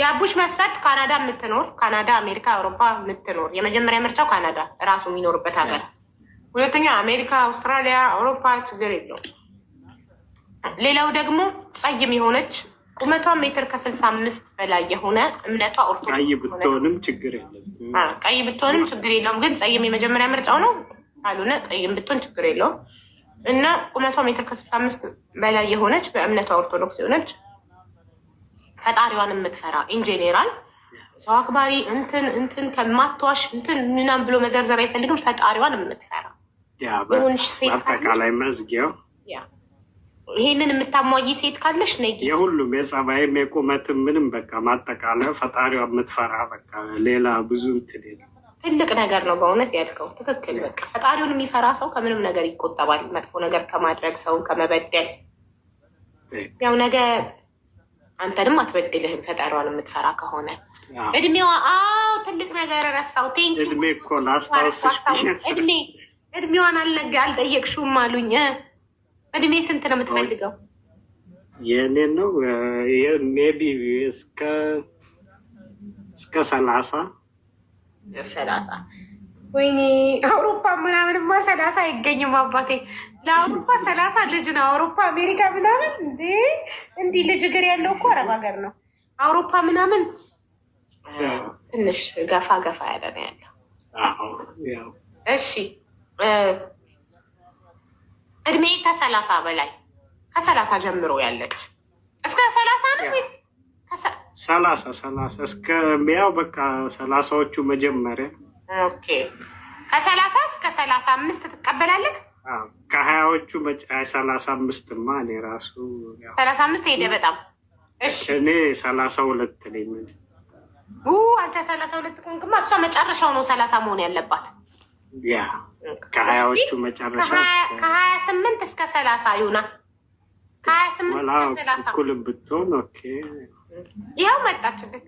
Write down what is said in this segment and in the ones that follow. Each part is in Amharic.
የአቡሽ መስፈርት ካናዳ የምትኖር ካናዳ፣ አሜሪካ፣ አውሮፓ የምትኖር የመጀመሪያ ምርጫው ካናዳ እራሱ የሚኖርበት ሀገር፣ ሁለተኛው አሜሪካ፣ አውስትራሊያ፣ አውሮፓ ችግር የለውም። ሌላው ደግሞ ጸይም የሆነች ቁመቷ ሜትር ከስልሳ አምስት በላይ የሆነ እምነቷ ኦርቶዶክስ ብትሆንም ችግር የለውም። ቀይ ብትሆንም ችግር የለውም። ግን ጸይም የመጀመሪያ ምርጫው ነው። ካልሆነ ቀይም ብትሆን ችግር የለውም እና ቁመቷ ሜትር ከስልሳ አምስት በላይ የሆነች በእምነቷ ኦርቶዶክስ የሆነች ፈጣሪዋን የምትፈራ ኢንጄኔራል ሰው አክባሪ እንትን እንትን ከማትዋሽ እንትን ምናምን ብሎ መዘርዘር አይፈልግም። ፈጣሪዋን የምትፈራ ሆንሽ ሴት አጠቃላይ መዝጊያው ይሄንን የምታሟይ ሴት ካለሽ ነ የሁሉም የጸባይም የቁመትም ምንም በቃ ማጠቃለያ ፈጣሪዋ የምትፈራ በቃ ሌላ ብዙ እንትን ትልቅ ነገር ነው በእውነት ያልከው ትክክል። በቃ ፈጣሪውን የሚፈራ ሰው ከምንም ነገር ይቆጠባል፣ መጥፎ ነገር ከማድረግ ሰውን ከመበደል ያው ነገ አንተንም አትበድልህም። ፈጠሯን የምትፈራ ከሆነ እድሜዋ አዎ ትልቅ ነገር ረሳው ቴንኪ እድሜ እድሜዋን አልነገ አልጠየቅሽውም አሉኝ። እድሜ ስንት ነው የምትፈልገው? የእኔን ነው ሜቢ እስከ ሰላሳ ሰላሳ ወይኔ አውሮፓ ምናምንማ ሰላሳ አይገኝም አባቴ ለአውሮፓ ሰላሳ ልጅ ነው። አውሮፓ አሜሪካ ምናምን እንዴ እንዲህ ልጅ እግር ያለው እኮ አረብ ሀገር ነው። አውሮፓ ምናምን ትንሽ ገፋ ገፋ ያለ ነው ያለው። እሺ እድሜ ከሰላሳ በላይ ከሰላሳ ጀምሮ ያለች እስከ ሰላሳ ነው ወይስ ሰላሳ ሰላሳ እስከ ያው በቃ ሰላሳዎቹ መጀመሪያ ከሰላሳ እስከ ሰላሳ አምስት ትቀበላለህ? ከሀያዎቹ መጫ ሰላሳ አምስት ማ እኔ ራሱ ሰላሳ አምስት ሄደ በጣም እሺ። እኔ ሰላሳ ሁለት ነኝ። አንተ ሰላሳ ሁለት ከሆንክማ እሷ መጨረሻው ነው ሰላሳ መሆን ያለባት። ያ ከሀያዎቹ መጨረሻ ከሀያ ስምንት እስከ ሰላሳ ይሁና። ከሀያ ስምንት እስከ ሰላሳ እኩል ብትሆን ኦኬ። ይኸው መጣችበት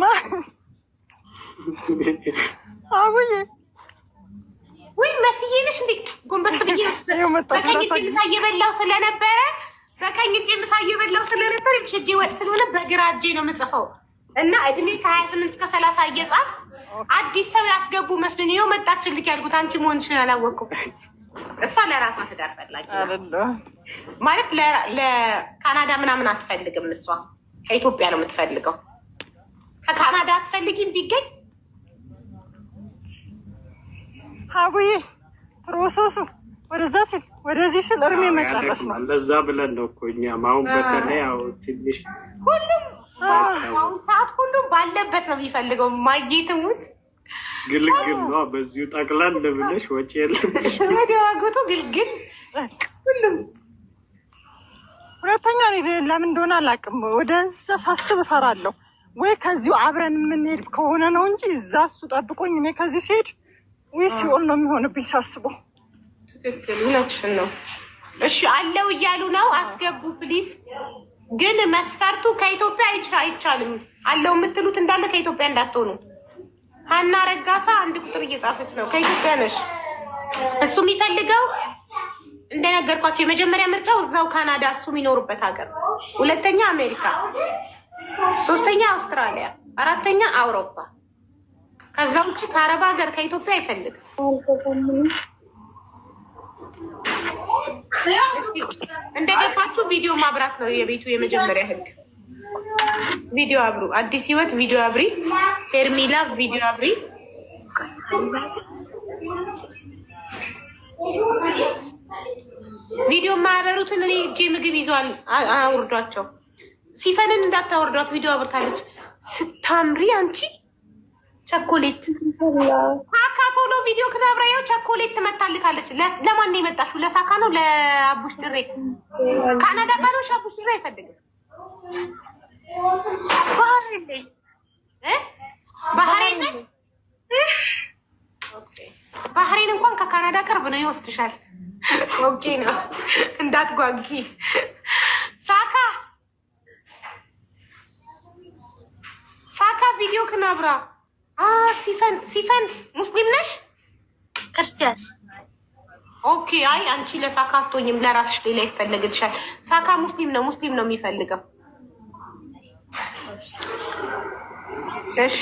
ማ አቡዬ ወይ መስዬ ነሽ እንዴ? ጎንበስ ብዬ በቀኝ እጄ ምሳ እየበላው ስለነበረ በቀኝ እጄ ምሳ እየበላው ስለነበረ ሸጄ ወጥ ስለሆነ በግራ እጄ ነው የምጽፈው እና እድሜ ከሀያ ስምንት እስከ ሰላሳ እየጻፍ አዲስ ሰው ያስገቡ መስሎኝ ይኸው መጣችልክ ያልኩት አንቺ መሆንሽን አላወቅኩም። እሷ ለራሷ ትዳር ፈላጊ ማለት ለካናዳ ምናምን አትፈልግም። እሷ ከኢትዮጵያ ነው የምትፈልገው። ከካናዳ አትፈልጊም ቢገኝ አጉዬ ፕሮሰሱ ወደዛ ሲል ወደዚህ ሲል እርሜ መጨረስ ነው። ለዛ ብለን ነው እኮ እኛም አሁን በተለይ ትንሽ ሁሉም አሁን ሰዓት ሁሉም ባለበት ነው የሚፈልገው። ማየት ሙት ግልግል ነው። በዚሁ ጠቅላል ብለሽ ወጪ የለብሽ መደዋገቱ ግልግል ሁሉም ሁለተኛ ለምን እንደሆነ አላውቅም። ወደዛ ሳስብ እፈራለሁ ወይ ከዚሁ አብረን የምንሄድ ከሆነ ነው እንጂ እዛ እሱ ጠብቆኝ እኔ ከዚህ ሲሄድ ወይ ሲሆን ነው የሚሆንብኝ ሳስበው። ትክክል እውነትሽን ነው። እሺ አለው እያሉ ነው አስገቡ ፕሊዝ። ግን መስፈርቱ ከኢትዮጵያ አይቻልም። አለው የምትሉት እንዳለ ከኢትዮጵያ እንዳትሆኑ። ሀና ረጋሳ አንድ ቁጥር እየጻፈች ነው። ከኢትዮጵያ ነሽ። እሱ የሚፈልገው እንደነገርኳቸው የመጀመሪያ ምርጫው እዛው ካናዳ፣ እሱ የሚኖሩበት ሀገር፣ ሁለተኛ አሜሪካ፣ ሶስተኛ አውስትራሊያ፣ አራተኛ አውሮፓ ከዛ ውጭ ከአረብ ሀገር ከኢትዮጵያ አይፈልግም። እንደገባችሁ ቪዲዮ ማብራት ነው የቤቱ የመጀመሪያ ህግ። ቪዲዮ አብሩ። አዲስ ህይወት ቪዲዮ አብሪ። ሄርሚላ ቪዲዮ አብሪ። ቪዲዮ የማያበሩትን እኔ እጄ ምግብ ይዟል፣ አውርዷቸው። ሲፈንን እንዳታወርዷት ቪዲዮ አብርታለች። ስታምሪ አንቺ ቸኮሌት ሳካ ቶሎ ቪዲዮ ክናብራየው ቸኮሌት ትመታልካለች። ለማን ነው የመጣችው? ለሳካ ነው ለአቡሽ ድሬ? ካናዳ ነው አቡሽ ድሬ አይፈልግም። ባህሬን ባህሬን እንኳን ከካናዳ ቅርብ ነው፣ ይወስድሻል። ኦኬ ነው እንዳትጓጊ ሳካ ሳካ ቪዲዮ ክናብራ ሲፈን ሲፈን ሙስሊም ነሽ? ክርስቲያን ኦኬ። አይ አንቺ ለሳካ አትሆኝም፣ ለራስሽ ሌላ ይፈለግልሻል። ሳካ ሙስሊም ነው፣ ሙስሊም ነው የሚፈልገው። እሺ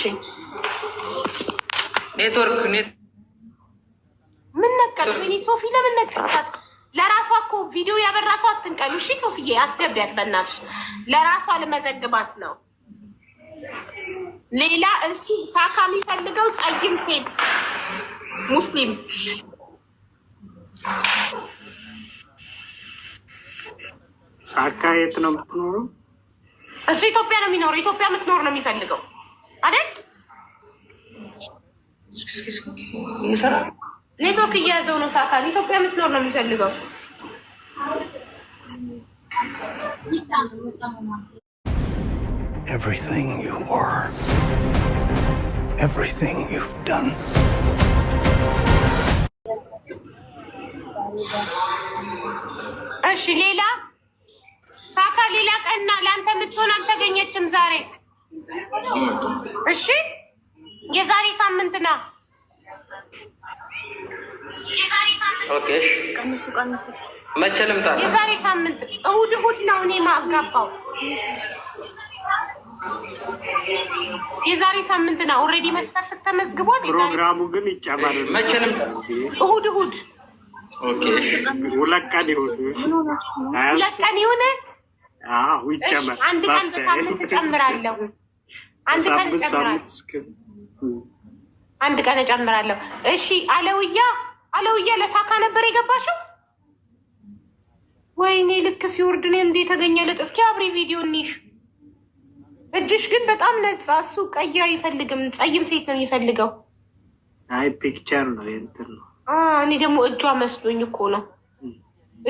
ኔትወርክ ምን ነቀል ወይኔ ሶፊ ለምን ነቀልካት? ለራሷ እኮ ቪዲዮ ያበራ አትንቀሉ። እሺ ሶፊዬ አስገቢያት በእናትሽ። ለራሷ ልመዘግባት ነው ሌላ እሺ፣ ሳካ የሚፈልገው ጸይም ሴት ሙስሊም ሳካ የት ነው የምትኖረው? እሱ ኢትዮጵያ ነው የሚኖረው። ኢትዮጵያ የምትኖር ነው የሚፈልገው አይደል? ኔትወርክ እየያዘው ነው። ሳካ ኢትዮጵያ የምትኖር ነው የሚፈልገው። Everything you are. everything you've done. እሺ ሌላ ሳካ፣ ሌላ ቀና ለአንተ የምትሆን አልተገኘችም ዛሬ። እሺ የዛሬ ሳምንት ና ቀንሱ፣ የዛሬ ሳምንት እሁድ እሁድ ነው እኔ ማጋባው የዛሬ ሳምንት ነው ኦልሬዲ መስፈርት ተመዝግቧል። ፕሮግራሙ ግን ይጨመራል። መቼም እሁድ እሁድ ሁለት ቀን ይሁን ሁለት ቀን ይሁን ይጨመር። አንድ ቀን በሳምንት እጨምራለሁ። አንድ ቀን እጨምራለሁ። አንድ ቀን እጨምራለሁ። እሺ አለውያ አለውያ ለሳካ ነበር የገባሽው? ወይኔ ልክ ሲወርድ ነው እንዴ የተገኘ ልጥ። እስኪ አብሬ ቪዲዮ እኒሽ እጅሽ ግን በጣም ነጻ። እሱ ቀይ አይፈልግም፣ ጸይም ሴት ነው የሚፈልገው። አይ ፒክቸር ነው እንትን ነው። እኔ ደግሞ እጇ መስሎኝ እኮ ነው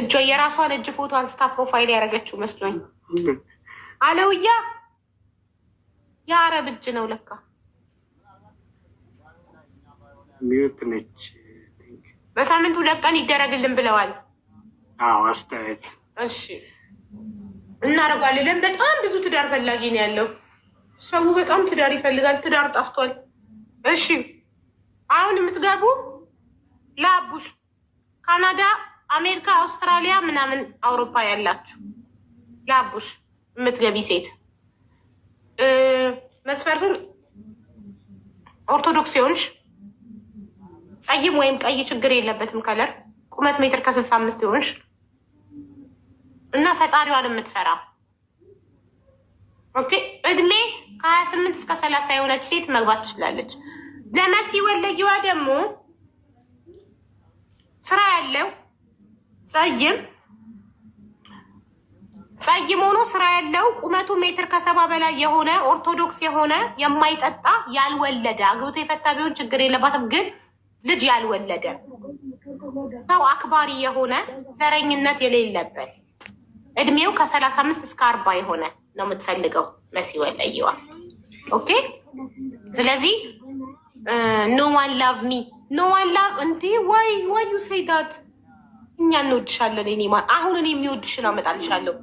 እጇ የራሷን እጅ ፎቶ አንስታ ፕሮፋይል ያደረገችው መስሎኝ። አለውያ የአረብ እጅ ነው ለካ። ሚዩት ነች። በሳምንት ሁለት ቀን ይደረግልን ብለዋል። አዎ አስተያየት እሺ እናደርጋለን። በጣም ብዙ ትዳር ፈላጊ ነው ያለው ሰው። በጣም ትዳር ይፈልጋል። ትዳር ጠፍቷል። እሺ አሁን የምትጋቡ ለአቡሽ ካናዳ፣ አሜሪካ፣ አውስትራሊያ ምናምን አውሮፓ ያላችሁ ለአቡሽ የምትገቢ ሴት መስፈርቱን ኦርቶዶክስ የሆንሽ ጸይም ወይም ቀይ ችግር የለበትም ከለር ቁመት ሜትር ከስልሳ አምስት የሆንሽ እና ፈጣሪዋን የምትፈራ ኦኬ። እድሜ ከሀያ ስምንት እስከ ሰላሳ የሆነች ሴት መግባት ትችላለች። ለመሲ ወለየዋ ደግሞ ስራ ያለው ጸይም ጸይም ሆኖ ስራ ያለው ቁመቱ ሜትር ከሰባ በላይ የሆነ ኦርቶዶክስ የሆነ የማይጠጣ ያልወለደ አግብቶ የፈታ ቢሆን ችግር የለባትም ግን ልጅ ያልወለደ ሰው አክባሪ የሆነ ዘረኝነት የሌለበት እድሜው ከሰላሳ አምስት እስከ አርባ የሆነ ነው የምትፈልገው መሲ ወለየዋ። ኦኬ ስለዚህ ኖ ዋን ላቭ ሚ ኖ ዋን ላቭ እንዴ ዋይ ዋዩ ሰይዳት እኛ እንወድሻለን። ኔ አሁን እኔ የሚወድሽን አመጣልሻለሁ።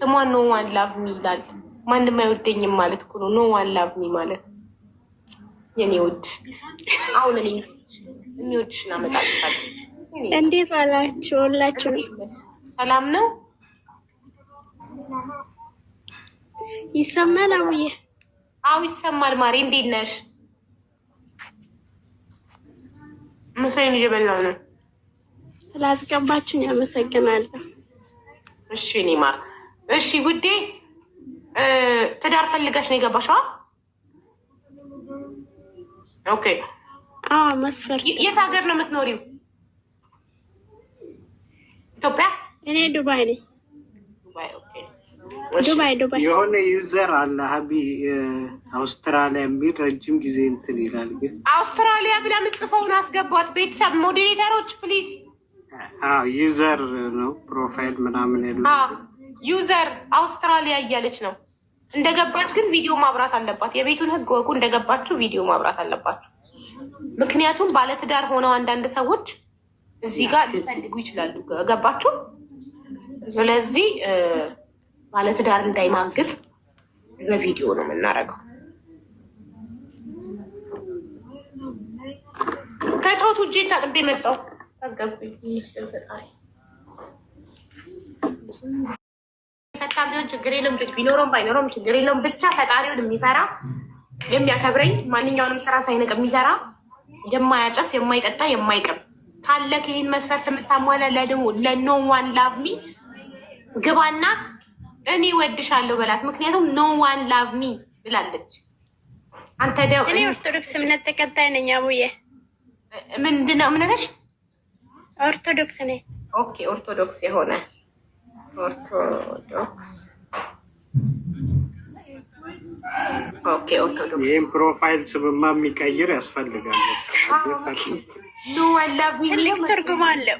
ስሟ ኖ ዋን ላቭ ሚ ይላል። ማንም አይወደኝም ማለት እኮ ነው ኖ ዋን ላቭ ሚ ማለት። የኔ ውድ አሁን እኔ የሚወድሽን አመጣልሻለሁ። እንዴት አላችሁ? ሁላችሁ ሰላም ነው? ይሰማል? አውዬ አው ይሰማል። ማሪ እንዴት ነሽ? ምሳዬን እየበላሁ ነው። ስላስገባችሁኝ አመሰግናለሁ። እሺ እኔ ማር እሺ፣ ውዴ ትዳር ፈልገሽ ነው የገባሽው? ኦኬ አዎ። መስፈርት የት ሀገር ነው የምትኖሪው? ኢትዮጵያ። እኔ ዱባይ ነኝ። ዱባይ የሆነ ዩዘር አለ ሀቢ አውስትራሊያ የሚል ረጅም ጊዜ እንትን ይላል። ግን አውስትራሊያ ብላ ምጽፈውን አስገቧት። ቤተሰብ ሞዴሬተሮች ፕሊዝ። ዩዘር ነው ፕሮፋይል ምናምን የለ ዩዘር አውስትራሊያ እያለች ነው። እንደገባች ግን ቪዲዮ ማብራት አለባት። የቤቱን ህግ ወቁ። እንደገባችሁ ቪዲዮ ማብራት አለባችሁ። ምክንያቱም ባለትዳር ሆነው አንዳንድ ሰዎች እዚህ ጋር ሊፈልጉ ይችላሉ። ገባችሁ? ስለዚህ ባለትዳር እንዳይማግጥ በቪዲዮ ነው የምናደርገው። ከጫወቱ እጄ ታጥቤ መጣሁ። ጠገብኝ ቢሆን ችግር የለም ልጅ ቢኖረውም ባይኖረውም ችግር የለውም። ብቻ ፈጣሪውን የሚፈራ የሚያከብረኝ፣ ማንኛውንም ስራ ሳይንቅ የሚሰራ የማያጨስ፣ የማይጠጣ፣ የማይቅም ካለ ይህን መስፈርት የምታሟላ ለኖ ዋን ላቭ ሚ ግባና እኔ ወድሻለሁ በላት። ምክንያቱም ኖ ዋን ላቭ ሚ ብላለች። አንተ ደው እኔ ኦርቶዶክስ እምነት ተከታይ ነኝ። አቡዬ ምንድን ነው እምነትሽ? ኦርቶዶክስ ነኝ። ኦኬ ኦርቶዶክስ የሆነ ኦርቶዶክስ ኦኬ ኦርቶዶክስ። ይህም ፕሮፋይል ስምማ የሚቀይር ያስፈልጋል። ትልቅ ትርጉም አለው።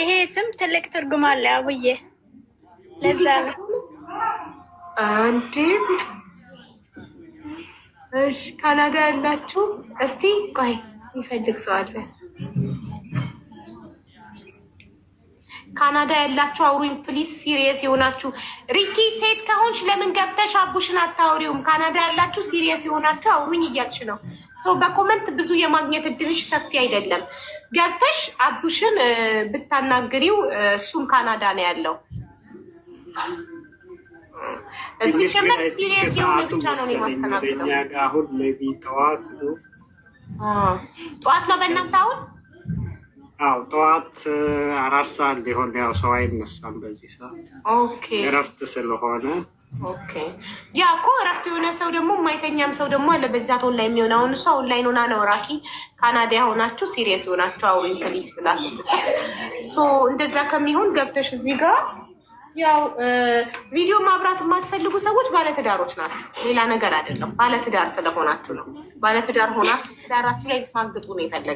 ይሄ ስም ትልቅ ትርጉም አለው አቡዬ፣ ለዛ ነው አንድ እሺ፣ ካናዳ ያላችሁ እስቲ ቆይ ይፈልግ ሰው አለ? ካናዳ ያላችሁ አውሩኝ ፕሊስ፣ ሲሪየስ የሆናችሁ ሪኪ፣ ሴት ከሆንሽ ለምን ገብተሽ አቡሽን አታውሪውም? ካናዳ ያላችሁ ሲሪየስ የሆናችሁ አውሩኝ እያልሽ ነው። ሰው በኮመንት ብዙ የማግኘት እድልሽ ሰፊ አይደለም። ገብተሽ አቡሽን ብታናግሪው፣ እሱም ካናዳ ነው ያለው። ሲጀመር ሲሪየስ የሆነ ብቻ ነው የማስተናግደው። ጠዋት ነው በእናትህ አሁን አዎ ጠዋት አራት ሰዓት ሊሆን ያው ሰው አይነሳም በዚህ ሰዓት እረፍት ስለሆነ ያ እኮ እረፍት የሆነ ሰው ደግሞ የማይተኛም ሰው ደግሞ አለ። በዛት ኦንላይን የሚሆን አሁን እሱ ኦንላይን ሆና ነው ራኪ ካናዳ ሆናችሁ ሲሪየስ ሆናችሁ አውሪን ፕሊስ ብላ ስትጽፍ እንደዛ ከሚሆን ገብተሽ እዚህ ጋር ያው ቪዲዮ ማብራት የማትፈልጉ ሰዎች ባለትዳሮች ናቸው። ሌላ ነገር አይደለም። ባለትዳር ስለሆናችሁ ነው። ባለትዳር ሆናችሁ ትዳራችሁ ላይ ማግጡ ነው የፈለገ